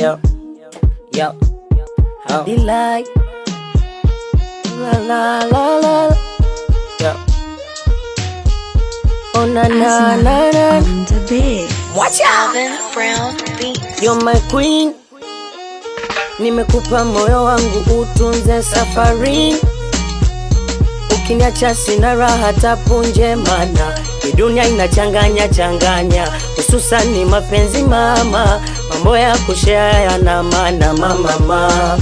Yo, yo, how? Be like, la la la la. Yo. Oh na na na na. Watch out. Brown beats. You're my queen. Nimekupa moyo wangu utunze safari, ukiniacha sina raha tapu njema na dunia inachanganya changanya, hususani mapenzi mama, mambo ya kushea yana maana mama, mama.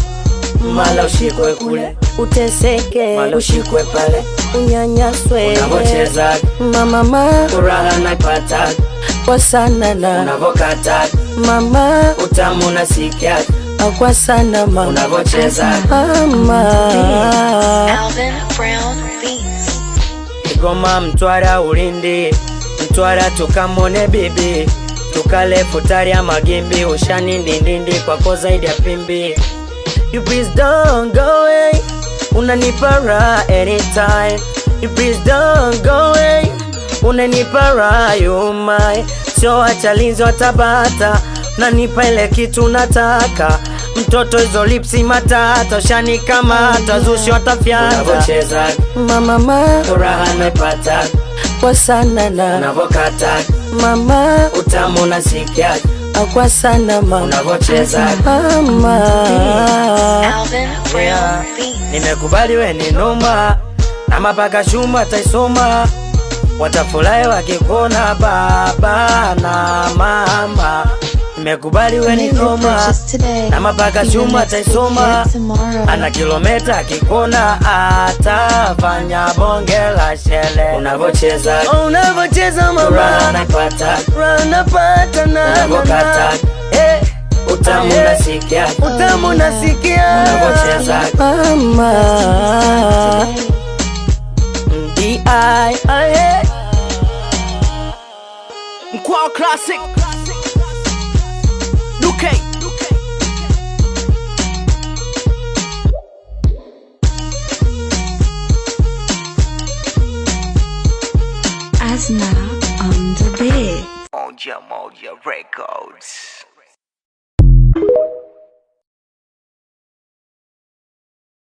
Mala ushikwe kule, uteseke, mala ushikwe pale, unyanyaswe, unavocheza mama, mama, furaha naipata kwa sana na unavokata mama, utamu nasikia kwa sana mama, unavocheza mama Kigoma, Mtwara, Ulindi, Mtwara tukamone bibi, tukale futari ya magimbi, ushani ndindindi kwako zaidi ya pimbi. You please don't go away, unanipa anytime. You please don't go away, unanipa you my. sio wachalinzi watabata, nanipa ile kitu nataka mtoto, hizo lipsi matata shanikamata, zushi watafyata, unavocheza mama ma furaha nimepata kwa sana na unavokata mama, utamu nasikia kwa sana ma unavocheza mama, yeah. Nimekubali we ni noma na mapaka shuma taisoma watafurahi wakikona baba na mama mekubali we ni noma na mapaka chuma taisoma, ana kilometa kikona, atafanya bonge la shele. Unavocheza oh, unavocheza mama, napata napata na unavokata eh utamu eh. nasikia utamu nasikia unavocheza mama di ai ai Mkwao Classic us now on the beat. On your, on your records.